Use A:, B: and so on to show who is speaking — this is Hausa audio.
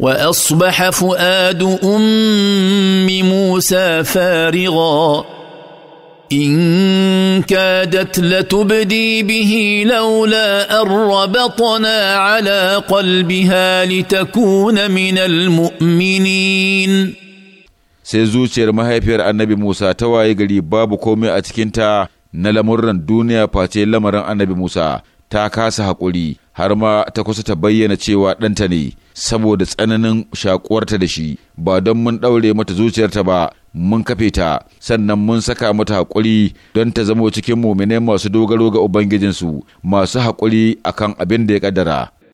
A: واصبح فؤاد ام موسى فارغا ان كادت لتبدي به لولا ان ربطنا على قلبها لتكون
B: من المؤمنين
C: sai zuciyar mahaifiyar annabi Musa ta waye gari babu komai a cikinta na lamurran duniya face lamarin annabi Musa ta kasa haƙuri har ma ta kusa ta bayyana cewa ɗanta ne saboda tsananin shakuwarta da shi ba don mun ɗaure mata zuciyarta ba mun kafe ta sannan mun saka mata haƙuri don ta zamo cikin muminai masu dogaro ga ubangijinsu masu haƙuri akan abin da ya ƙaddara